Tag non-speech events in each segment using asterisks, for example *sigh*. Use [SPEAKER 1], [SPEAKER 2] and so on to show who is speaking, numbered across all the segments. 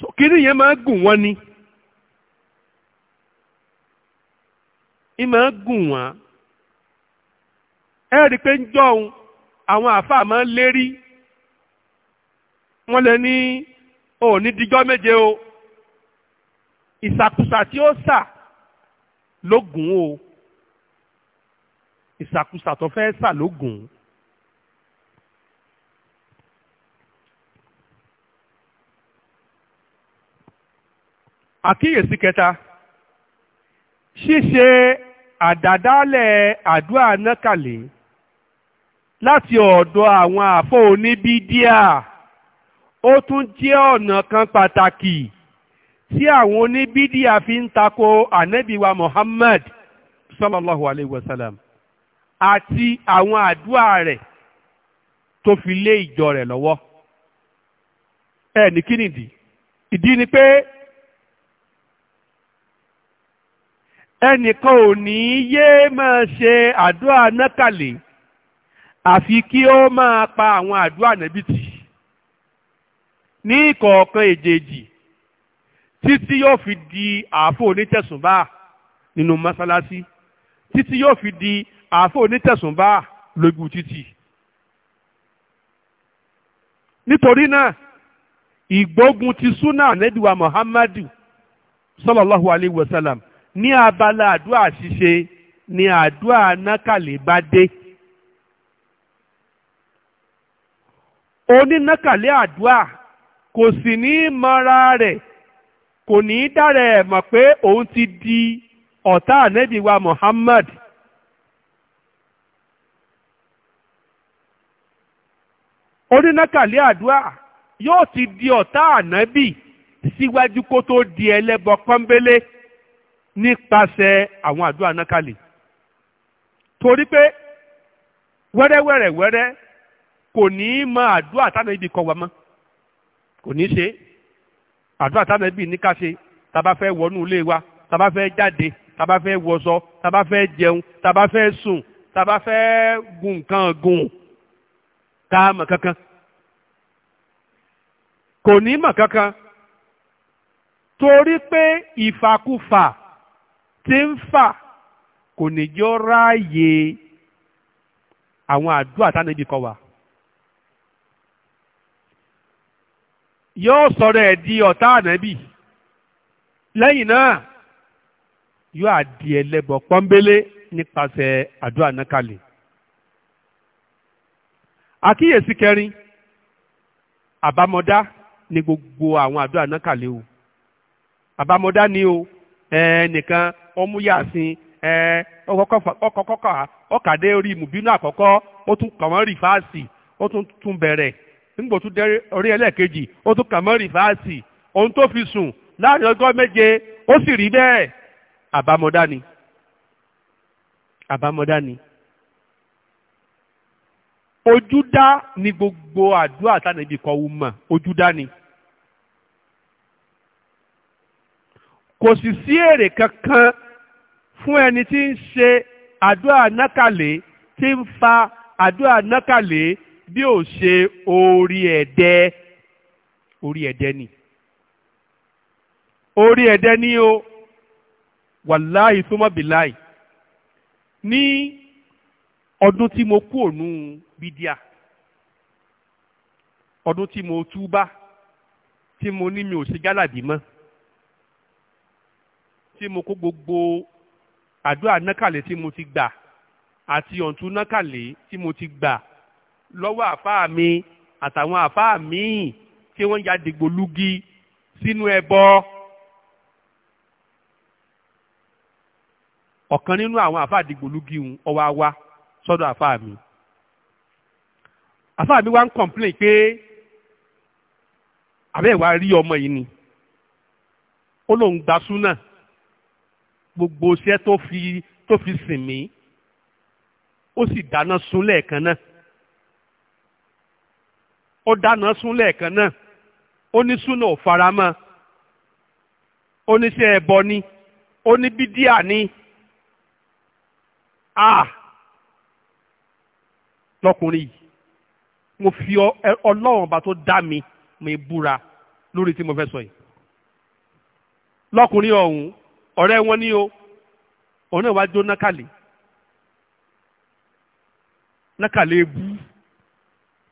[SPEAKER 1] so kíní yẹn máa gùn wọ́n ni ì máa gùn wọ́n ẹ rí i pé ń jọ̀hún àwọn àáfàá máa ń lérí wọ́n lè ní ò ní dijọ́ méje o ìsàkúsà tí ó sà ló gùn o ìsàkúsà tó fẹ́ sà ló gùn o. àkíyèsí kẹta ṣíṣe àdádálẹ̀ àdúrà nákàlẹ́ láti ọ̀dọ̀ àwọn àfọ́ oníbídíà ó tún jẹ́ ọ̀nà kan pàtàkì tí àwọn oníbídíà fi ń tako ànábìwa Muhammad sallallahu alayhi wa sallam àti àwọn àdúrà rẹ̀ tó fi lé ìjọ rẹ̀ lọ́wọ́ ẹ̀ ní kí nìdí ìdí ni pé ẹnìkan ò ní yé máa ṣe àdúrà nákàlẹ̀ àfi kí ó máa pa àwọn àdúrà nàbìtì ní ìkọ̀ọ̀kan èjèèjì títí yóò fi di àáfò onítẹ̀sùnbá nínú mọ́sálásí títí yóò fi di àáfò onítẹ̀sùnbá lójú títì nítorí náà ìgbógun ti súnà nẹ́dùwà Muhammadu sallallahu alayhi wa sallam ní abala àdúrà ṣíṣe ni àdúrà nákàlẹ̀ bá dé. onínákàlẹ̀ àdúrà kò sì ní mọ́ra rẹ̀ kò ní dára ẹ̀ mọ̀ pé òun ti di ọ̀tá ànẹ́bí wa Muhammad. onínákàlẹ̀ àdúrà yóò ti di ọ̀tá ànẹ́bí síwájú kó tó di ẹlẹ́bọ pọ́nbélé. Si nípasẹ̀ àwọn àdúrà náà kalẹ̀ torí pé wẹ́rẹ́wẹ́rẹ́wẹ́rẹ́ kò ní í mọ àdúrà táwọn ibi kọ wa mọ́ kò ní í ṣe àdúrà táwọn ibi ní ká ṣe tá bá fẹ́ wọnú ilé wa tá bá fẹ́ jáde tá bá fẹ́ wọṣọ tá fẹ́ jẹun tá fẹ́ sùn tá fẹ́ gun nǹkan gùn tá a mọ̀ kankan kò ní mọ̀ kankan torí pé ìfàkúfà tí ń fà kò ní jọ ráàyè àwọn àdúrà tánibí kọ wà. yóò sọ̀rọ̀ ẹ̀ di ọ̀tá ànábì lẹ́yìn náà yóò àdì ẹlẹ́bọ̀ pọ́nbélé nípasẹ̀ àdúrà náà kalẹ̀. àkíyèsí kẹrin àbámọ̀dá ni gbogbo àwọn àdúrà náà kalẹ̀ o àbámọ̀dá ni o. ẹnìkan ó mú yàsín ọkọ̀kọ̀kọ̀ orí mùbínú àkọ́kọ́ ó tún kàn mọ́ rìfáàsì ó tún tún bẹ̀rẹ̀ nígbà tún dé orí ẹlẹ́ẹ̀kejì ó tún kàn mọ́ rìfáàsì ohun tó fi sùn láàrin ọjọ́ méje ó sì rí ni ni ni gbogbo àdúrà ni. kò sì sí èrè kankan fún ẹni tí ń ṣe àdúrà nákàlẹ́ tí ń fa àdúrà nákàlẹ́ bí ò ṣe orí ẹ̀dẹ́ orí ẹ̀dẹ́ ni orí ẹ̀dẹ́ ni o wàláì súnmọ́bìláì ní ọdún tí mo kú ònú bídíà ọdún tí mo túbá tí mo ní mi ò ṣe gálàdì mọ́ tí mo kó gbogbo àdúrà nákàlẹ̀ tí mo ti gbà àti ọ̀ǹtún nákàlẹ̀ tí mo ti gbà lọ́wọ́ àfáà mi àtàwọn àfáà míì tí wọ́n ya dìgbòlugi sínú ẹbọ. ọ̀kan nínú àwọn àfáà dìgbòlugi ń ọwọ́ wa sọ́dọ̀ àfáà mi. àfáà mi wá ń kọ̀m̀plẹ̀n pé àbẹ́ẹ̀ wá rí ọmọ yìí ni ó lóun gba súnà gbogbo iṣẹ́ tó fi tó fi sìn mí ó sì dáná sun lẹ́ẹ̀kan náà ó dáná sun lẹ́ẹ̀kan náà ó ní súnà ò faramọ́ ó ní iṣẹ́ ẹbọ ni ó ní bídíà ni a lọkùnrin yìí mo fi ọlọ́run ọba tó dá mi mi búra lórí tí mo fẹ́ sọ yìí lọkùnrin ọ̀hún ọ̀rẹ́ wọn ni o òun náà wá jó nákàlè nákàlè ebú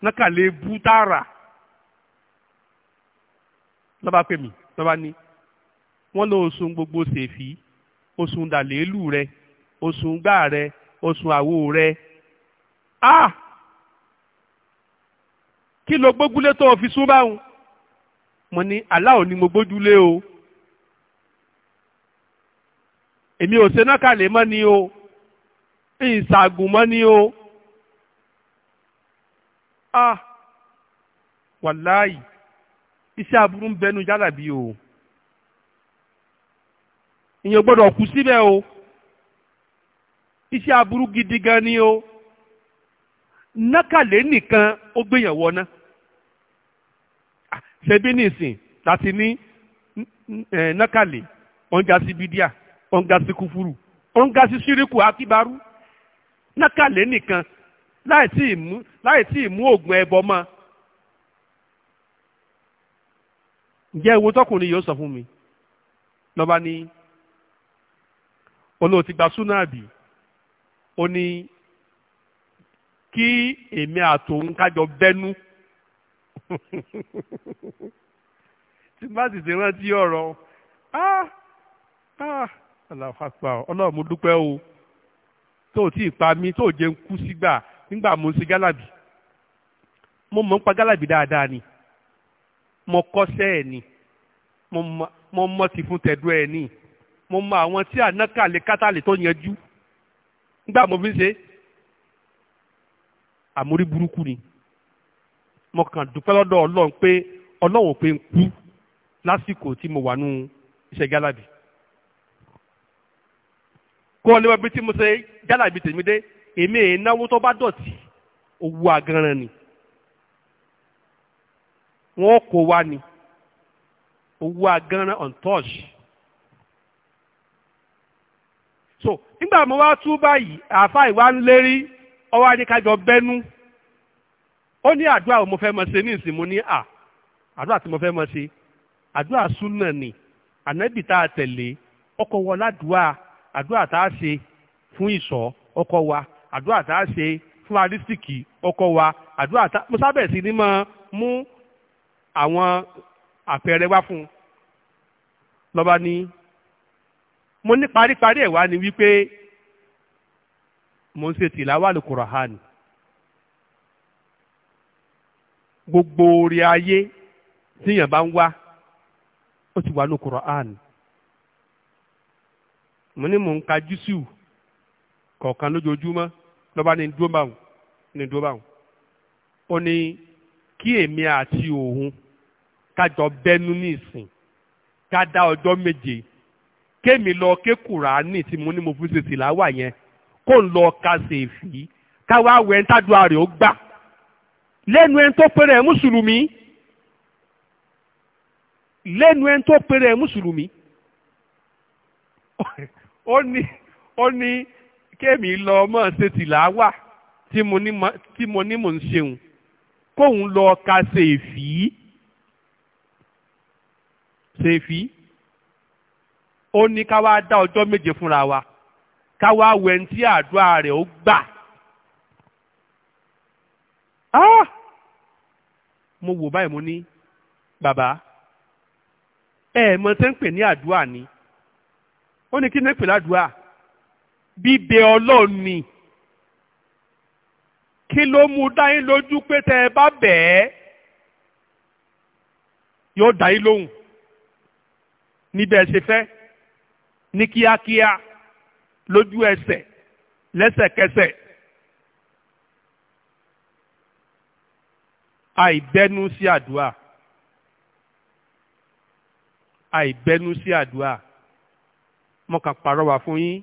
[SPEAKER 1] nákàlè ebú tààrà lọ́ba pè mí lọ́ba ní wọ́n lọ oṣùn gbogbo ṣèfì oṣùn dàlélù rẹ oṣùn gbà rẹ oṣùn àwo rẹ a kí lo gbójúlé tó o fi sún báwọn mo ní aláwo ni mo gbójúlé o. èmi ò ṣe nákàlẹ́ mọ́ ni o ìṣàgùn mọ́ ni o ah wàláì iṣẹ́ aburú ń bẹnu jálàbí o ìyẹn gbọ́dọ̀ kú síbẹ̀ o iṣẹ́ aburú gidi gan ni o nákàlẹ́ nìkan ó gbéyàn wọná ah! ṣebí nìsín láti ní nákàlẹ́ wọ́n já sí bídíà ó ń ga sí kúfúrú ó ń ga sí síríkù akíbarú nákàlẹ́ nìkan láì tí ì mú láì tí ì mú oògùn ẹbọ mọ́ ǹjẹ́ ewu tọkùnrin yóò sọ fún mi lọ́ba ní olóòtú gba súnáàbì ó ní kí èmi àtòun kájọ bẹ́nu *laughs* tí bá sì ti rántí ọ̀rọ̀ ah ah aláfàgbà ọlọ́run mo dúpẹ́ o tó o tí ì pa mí tó o jẹun kú sígbà nígbà mo ń ṣe gálàbì mo mọ̀ ń pa gálàbì dáadáa ni mo kọ́ṣẹ́ ẹ̀ ni mo mọ̀ ti fún tẹ̀dọ́ ẹ̀ ni mo mọ̀ àwọn tí ànákàlẹ̀ kátàlẹ̀ tó yanjú nígbà mo fi ń ṣe àmórí burúkú ni mo kàn dúpẹ́ lọ́dọ̀ ọlọ́run pé ọlọ́run pé ń kú lásìkò tí mo wà nú iṣẹ́ gálàbì kó o lè wọ ibi tí mo ṣe jálà ibi tèmi dé èmi èyí náwó tó bá dọ̀tí owó agaran ni wọ́n kó wa ni owó agaran untouched so nígbà mo wá tú báyìí àáfà ìwà ń lérí ọwọ́ adékájọ bẹ́nu ó ní àdúrà mo fẹ́ mọ ṣe ní ìsìn mo ní à àdúrà tí mo fẹ́ mọ ṣe àdúrà súnà ni ànábì tá a tẹ̀lé ọkọ̀ àdúrà tá a ṣe fún ìṣọ́ ọkọ wa àdúrà tá a ṣe fún arísìkì ọkọ wa àdúrà tá mo sábẹ̀ sí ni máa mú àwọn àpẹẹrẹ wá fún un lọ́ba ní mo ní paríparí ẹ̀ wá ni wípé mo ń ṣe tìláwà lè Kùránì gbogbo orí ayé tíyàn bá ń wá ó ti wà ní Kùránì mo ní mò ń ka júsìwù kọ̀ọ̀kan lójoojúmọ́ lọ́ba ní dúró báwọn ní dúró báwọn ó ní kí èmi àti òun kájọ bẹ́nu ní ìsìn ká dá ọjọ́ méje kémi lọ ké kùránì tí mo ní mo fi ṣèṣì láwà yẹn kó ń lọ ka ṣèfì káwá wẹ̀ ń tádùá rẹ̀ ó gbà lẹ́nu ẹni tó pèrè mùsùlùmí lẹ́nu ẹni tó pèrè mùsùlùmí. *laughs* ó ní ó ní kémi lọ mọ̀ ṣe tìlàwà tí mo ní mò ń ṣeun kóun lọ ka ṣèfì ṣèfì ó ní ká wá dá ọjọ́ méje fúnra wa ká wá wẹ̀ tí àdúrà rẹ̀ ó gbà. Ah! mo wò báyìí mo ní bàbá ẹ̀ẹ̀mọ tẹ́ ń pè ní àdúrà ni. Ah! ó ní kí ní pè ládùúà bíbẹ ọlọ́run ni kí ló mú dáyín lójú pé tẹ ẹ bá bẹ̀ẹ́ yóò dáyín lóhùn níbẹ̀ ṣe fẹ́ ní kíákíá lójú ẹsẹ̀ lẹ́sẹ̀kẹsẹ̀. àìbẹ́nu sí àdúà àìbẹ́nu sí àdúà mo kàn pàrọwà fún yín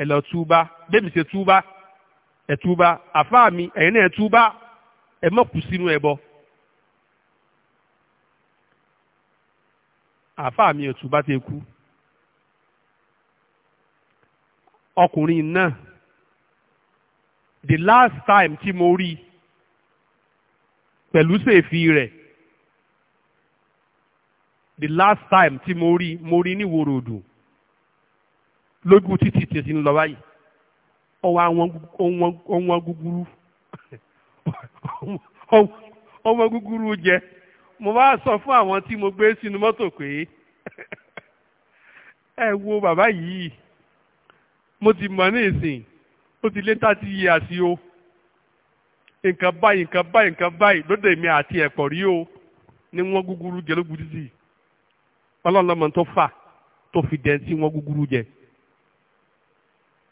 [SPEAKER 1] ẹ lọ túbá bébì ṣe túbá ẹ túbá àfáà mi ẹ̀yin náà túbá ẹ mọ̀ kú sínú ẹbọ. àfáà mi ò túbá ti kú ọkùnrin náà the last time tí mo rí pẹ̀lú sèéfì rẹ̀ the last time tí mo rí mo rí ní wòròdù lójú títì tí ti ń lọ báyìí ọwọ́ àwọn gúgúrú *laughs* ọmọ gúgúrú jẹ mo bá sọ fún àwọn tí mo gbé sínú mọ́tò pé ẹ wo bàbá yìí mo ti mọ̀ ní ìsìn ó ti lé tàti yé àti o nǹkan báyìí nǹkan báyìí nǹkan báyìí lóde mi àti ẹ̀pọ̀ rí o ní wọ́n gúgúrú jẹ lógun títì ọlọ́run lọ́mọ tó fà tó fi dẹ̀ sí wọ́n gúgúrú jẹ.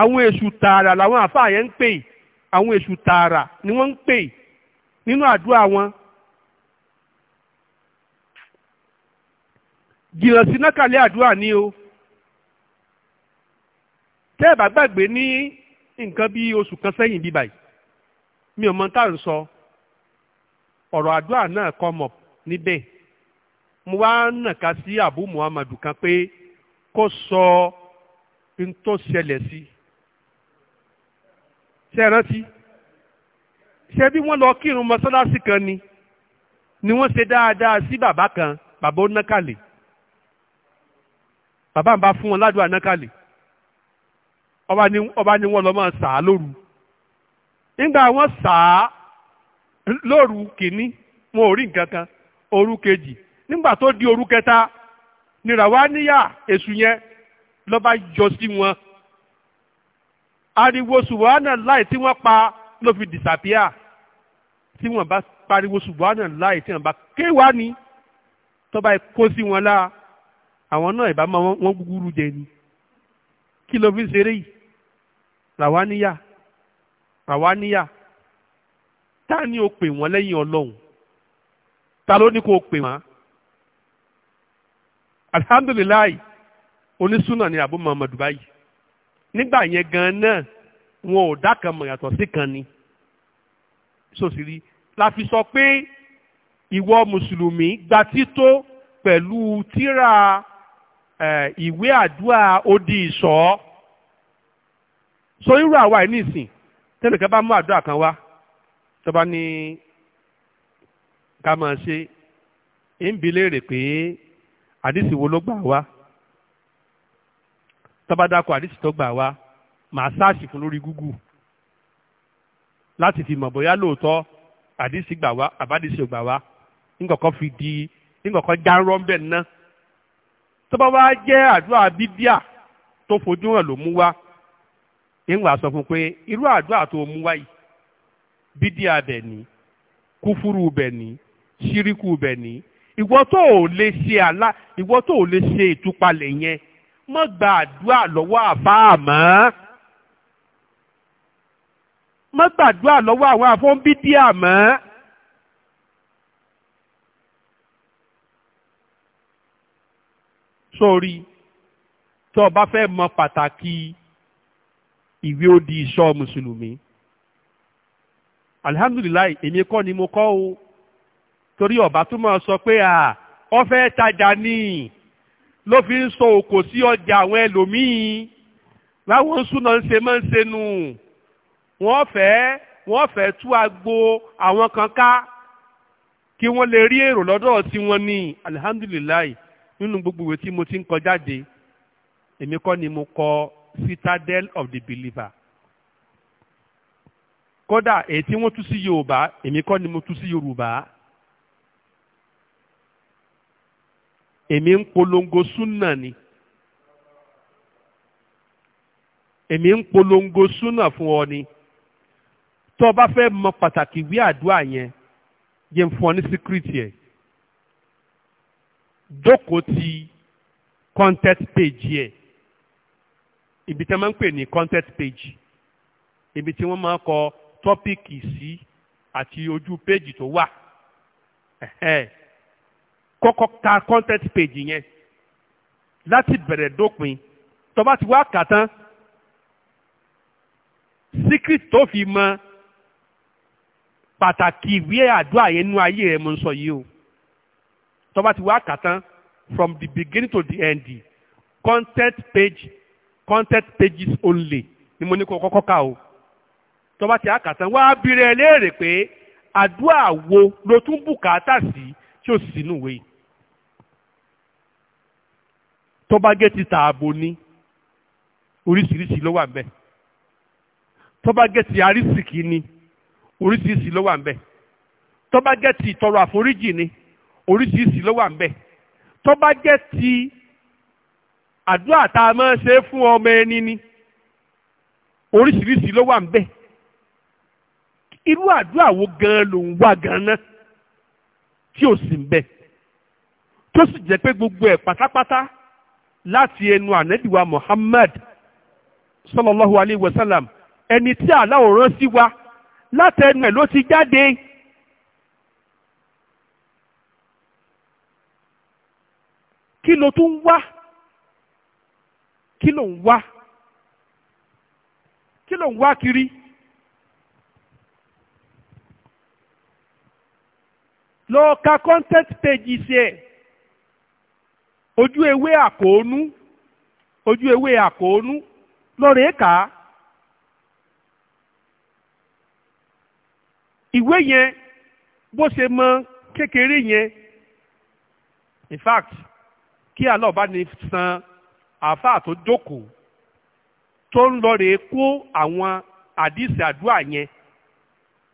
[SPEAKER 1] àwọn èṣù tààrà làwọn àfáà yẹn ń pè àwọn èṣù tààrà ni wọ́n ń pè nínú àdúrà wọn. jìnnà sí nákàlẹ́ àdúrà ni o tẹ́ ẹ̀ bá gbàgbé ní nǹkan bí oṣù kan sẹ́yìn bíbà yìí mi ò mọ tá ń sọ ọ̀rọ̀ àdúrà náà come up níbẹ̀ mo wá nàka sí Abu Muhammadu kan pé kó sọ n tó ṣẹlẹ̀ sí ṣe rántí ṣe bí wọ́n lọ kírun mọ́sálásí kan ni ni wọ́n ṣe dáadáa sí bàbá kan bàbá onákàlè bàbá ń bá fún wọn ládùúgbò anákàlè ọba ni ọba ni wọ́n lọ máa sà á lóru nígbà wọ́n sà á lóru kìíní wọn ò rí nǹkan kan òru kejì nígbà tó di òru kẹta nìràwá níyà èṣù yẹn lọ́ba yọ sí wọn ariwo subahana láì tí wọ́n pa ló fi disapia tí wọ́n bá pariwo subahana láì tí wọ́n bá kéwà ni tọ́ba kó sí wọn láà àwọn náà ìbámu wọn gbúgbúrú jẹ ni kí ló fi ń ṣeré yìí ràwáníyà ràwáníyà ta ni o pè wọ́n lẹ́yìn ọlọ́run ta ló ní kó o pè wọ́n alhamdulilayi onísùnà ni abu muhammadu báyìí nígbà yẹn gan náà wọn ò dá kan mọ̀ yàtọ̀ sí kan ni sòsìrí la fi sọ pé ìwọ mùsùlùmí gba tító pẹ̀lú tíra eh, ìwé àdúrà odi ìṣọ́ so irú àwa yìí nìsín tẹ́lẹ̀kẹ́ bá mú àdúrà kan wá tọ́ba ní ká máa ṣe ń bi léèrè pé àdìsí wo ló gbà wá tọ́ba dákọ̀ àdìsí tó gbà wá màá sáàsì fún lórí Google láti fi mọ̀ bóyá lóòótọ́ àdìsí gbà wá àbádìsí ò gbà wá nǹkankan fi di nǹkankan já ń rọ́ńbẹ̀ ná tọ́ba wá jẹ́ àdúrà bíbíà tó fojú hàn ló mú wá ìwà sọ fún pé irú àdúrà tó mú wá yìí bídíà bẹ̀ ni kúfúrú bẹ̀ ni ṣíríkù bẹ̀ ni ìwọ tó lè ṣe àlá ìwọ tó lè ṣe ìtúpalẹ̀ yẹn mọ́ gba àdúrà lọ́wọ́ àfáà mọ́ mọ́ gbàdúrà lọ́wọ́ àwọn àfọ́nbídíà mọ́. sórí tó o bá fẹ́ mọ pàtàkì ìwé odi ìṣọ́ mùsùlùmí alihamdulilayi èmi kọ́ ni mo kọ́ o torí ọba tó máa sọ pé ọ fẹ́ tajà níì ló fi ń sọ òkò sí ọjà àwọn ẹlòmíín láwọn súná ń ṣe máa ń ṣe nù wọ́n fẹ́ wọ́n fẹ́ tú agbo àwọn kan ká kí wọ́n lè rí èrò lọ́dọ̀ tí wọ́n ní alihamdulilayi nínú gbogbo ìwé tí mo ti ń kọ jáde èmi kọ́ ni mo kọ citadel of the believer kódà èyí tí wọ́n tú sí yorùbá èmi kọ́ ni mo tú sí yorùbá. èmi ń polongo súnà ni èmi ń polongo súnà fún ọ ni tó o bá fẹ́ mọ pàtàkì ìwé àdúrà yẹn yẹn fún ọ ní síkírìtì ẹ̀ jókòó ti content page yẹ ibi tí wọ́n máa ń pè ní content page ibi tí wọ́n máa kọ tọ́píìkì sí àti ojú péjì tó wà kọ́kọ́ ka content page yẹn láti bẹ̀rẹ̀ dópin tó bá ti wá kà tán secret tó fi mọ pàtàkì ìwé àdúrà yẹn nú ayé rẹ̀ mo ń sọ yìí o tó ti wá kà tán from the beginning to the end content page content pages only ni mo ní kó kọ́kọ́ kà o tó bá ti àkà tán wá bi rẹ̀ léèrè pé àdúrà wo ló tún bùkátà sí tí ó sì sínú ìwé yìí tó ti tààbò ni oríṣiríṣi ló wà ń bẹ ti arísìkì ni oríṣiríṣi ló wà ń bẹ tó ti ìtọrọ àforíjì ni oríṣiríṣi ló wà ń bẹ ti àdúrà tá a máa ṣe fún ọmọ ẹni ni oríṣiríṣi ló wà ń bẹ irú àdúrà wo gan ló ń wá gan náà tí ò sì ń tó sì jẹ́ pé gbogbo ẹ̀ pátápátá láti ẹnu ànẹ́bíwa Muhammad sallallahu alayhi wa sallam ẹni tí Allah rán sí wa látẹnu ẹ̀ ló ti jáde. kí ló tún ń wá kí ló ń wá kí ló ń wá kiri lọ content page ṣe ojú ewé àkóónú ojú ewé àkóónú lọ́rẹ̀ẹ́ kà á. ìwé yẹn bó ṣe mọ kékeré yẹn in fact kí alọ́ọ̀bá ni san àáfàá tó jókòó tó ń lọ rèé kó àwọn àdìsí àdúrà yẹn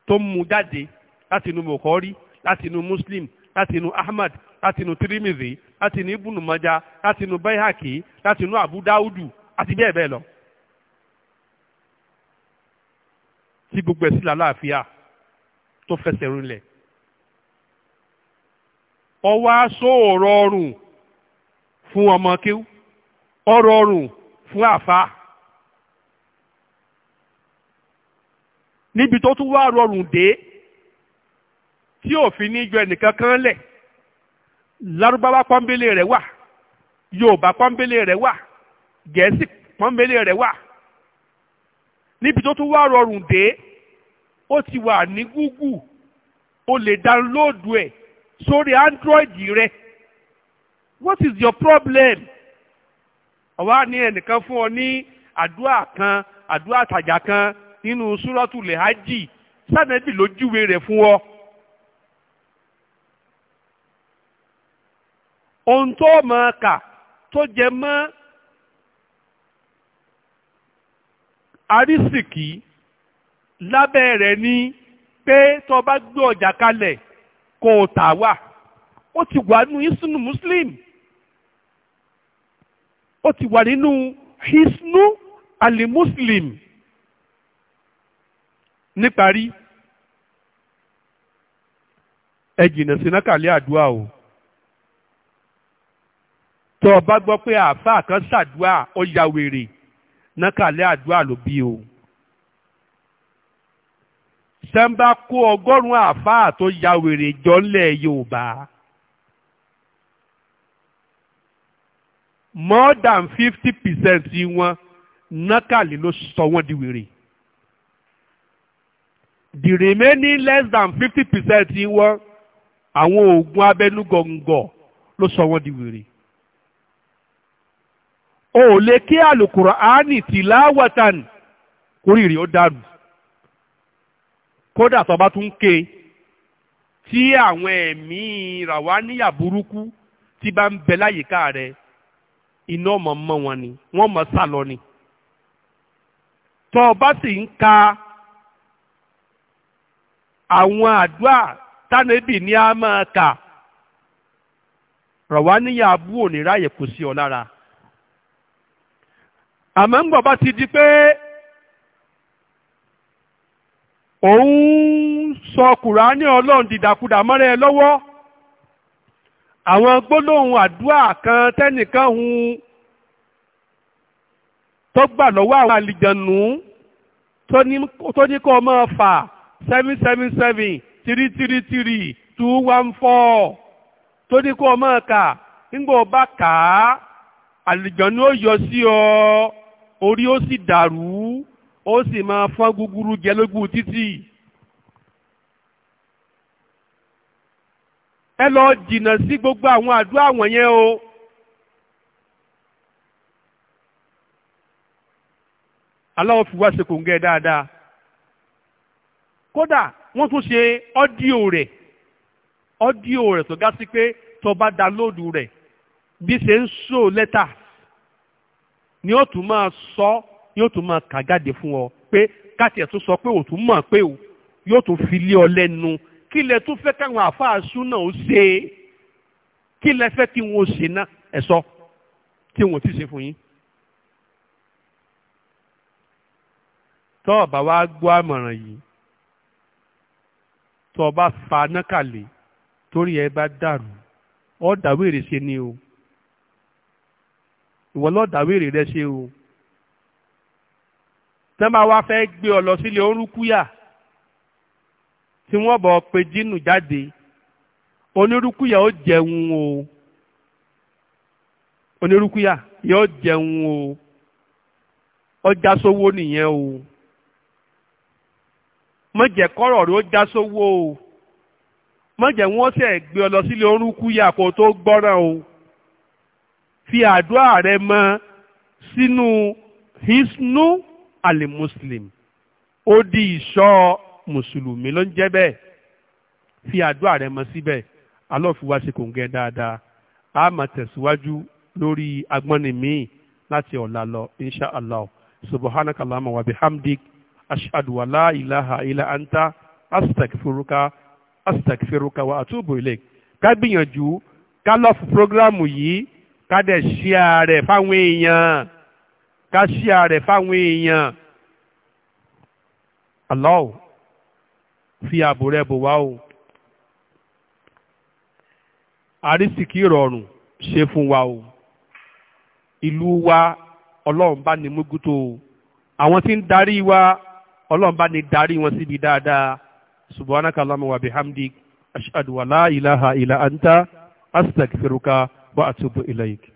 [SPEAKER 1] tó ń mu jáde láti inú mọ̀kọ́rí láti inú muslim láti inú ahmad àtinú tirimizi àtinú ibùnú mọ́já àtinú bayhaki àtinú abudawudu àti bẹ́ẹ̀ bẹ́ẹ̀ lọ. tí gbogbo ẹ̀ sí làlàáfíà tó fẹsẹ̀ rinlẹ̀. ọwọ́ aṣọ ọ̀rọ̀ ọrùn fún ọmọ kíw ọ̀rọ̀ ọrùn fún àfa. níbi tó tún wá rọrùn dé tí òfin ní ju ẹnìkan kan lẹ̀ lárúbáwá pọ́nbélé rẹ̀ wà yorùbá pọ́nbélé rẹ̀ wà gẹ̀ẹ́sì pọ́nbélé rẹ̀ wa níbi tó tún wá rọrùn dé ó ti wà ní Google o lè dánlóòdù ẹ̀ sórí Android rẹ̀ what is your problem ọ̀wá ní ẹnìkan fún ọ ní àdúrà kan àdúrà tàjà kan nínú súrọ́tù lẹ́hájì sànẹ́bì ló júwe rẹ̀ fún ọ. ohun tó máa kà tó jẹ mọ́ arísìkì lábẹ́ rẹ̀ ni pé tó bá gbé ọjà kalẹ̀ kó o tà wá ó ti wà nínú isnu muslim ó ti wà nínú hisnu alimuslim níparí ẹ jìnnà sí nákàlẹ́ àdúrà o. tó o bá gbọ́ pé àáfàá kan ṣàdúà ó ya wèrè nákàlẹ́ àdúà ló bí o sẹ́ńbà kó ọgọ́rùn-ún àáfàá tó ya wèrè jọ ńlẹ̀ Yorùbá more than fifty percent wọn nákàlẹ́ ló sọ wọ́n di wèrè the remaining less than fifty percent wọn àwọn oògùn abẹnugọ̀ngọ̀ ló sọ wọ́n di wèrè o ò lè kí àlùkùránì tìláwàtàn kórìrì ó dànù kódà tó bá tún ké tí àwọn ẹ̀mí ràwá níyà burúkú tí bá ń bẹ láyìíká rẹ iná ọmọ mọ wọn ni wọ́n mọ sálọ ni tó o bá sì ń ka àwọn àdúrà tánẹ́bì ni a máa kà ràwá níyà abú òní ráyè kò sí ọ lára àmọ́ ń bọ̀ bá ti di pé òun sọ kùránì ọlọ́run dìdàkudà mọ́ra ẹ lọ́wọ́ àwọn gbólóhùn àdúrà kan tẹ́nìkan hun tó gbà lọ́wọ́ àwọn àlìjànú tó ní kó máa fà seven seven seven three three three two one four tó ní kó máa kà nígbà ó bá kà á àlìjànú ó yọ sí ọ. orí ó sì dàrú ó sì máa fọ́n gúgúrú jẹ lógún títì. ẹ lọ jìnnà sí gbogbo àwọn àdúrà wọ̀nyẹn o. aláwọ̀ fi wá ṣe ń gẹ́ dáadáa kódà wọ́n tún ṣe ọ́díò rẹ̀ ọ́díò rẹ̀ tó ga sí pé tó bá dá rẹ̀ bí ṣe ń sọ lẹ́tà ni ó tún máa sọ yóò tún máa kà jáde fún ọ pé káti ẹ̀ tún sọ pé òtún mọ̀ pé o yóò tún fi lé ọ lẹ́nu kí lẹ tún fẹ́ káwọn àfáàsú náà ó ṣe é kí lẹ fẹ́ kí wọn ó ṣe náà ẹ̀ sọ tí wọn ò tí ì ṣe fún yín. tọ́ ọ̀bà wa gbọ́ àmọ̀ràn yìí tọ́ ọba fa nákàlẹ̀ torí ẹ bá dàrú ọ̀ dàwé èrè ṣe ni o ìwọ lọ́ọ̀dáwèrè rẹ ṣe o tẹ́ máa wá fẹ́ gbé ọ lọ sílé orúkúyà tí wọ́n bọ̀ pé jínù jáde onírúkúyà ó jẹun o onírúkúyà yóò jẹun o ó já sówó nìyẹn o mọ̀jẹ̀ kọ́rọ̀ rẹ ó já sówó o mọ̀jẹ̀ wọ́n sẹ̀ gbé ọ lọ sílé orúkúyà kó tó gbọ́ràn o fi àdúrà rẹ mọ sínú hisnu alimuslim ó di ìṣọ́ mùsùlùmí ló ń jẹ́ bẹ́ẹ̀ fi àdúrà rẹ mọ síbẹ̀ alọ́fíwá ṣe kò ń gẹ dáadáa a máa tẹ̀síwájú lórí agbọ́nni míì láti ọ̀la lọ insha allah subhanaka allahumma wa bihamdik ashhadu an ilaha illa anta astaghfiruka astaghfiruka wa atubu ilaik ká gbìyànjú ká lọ́ọ̀fù prógráàmù yìí ká dẹ̀ ṣíà rẹ̀ fáwọn èèyàn ká ṣíà rẹ̀ fáwọn èèyàn Allah fi ààbò rẹ̀ bò wá o àrísìkí ìrọ̀rùn ṣe fún wa o ìlú wa ọlọ́run bá ní múgútó o àwọn tí ń darí wa ọlọ́run bá ní darí wọn síbi dáadáa subhanaka allahumma wa bihamdik ashhadu wa la ilaha illa anta astaghfiruka wa atubu ilayk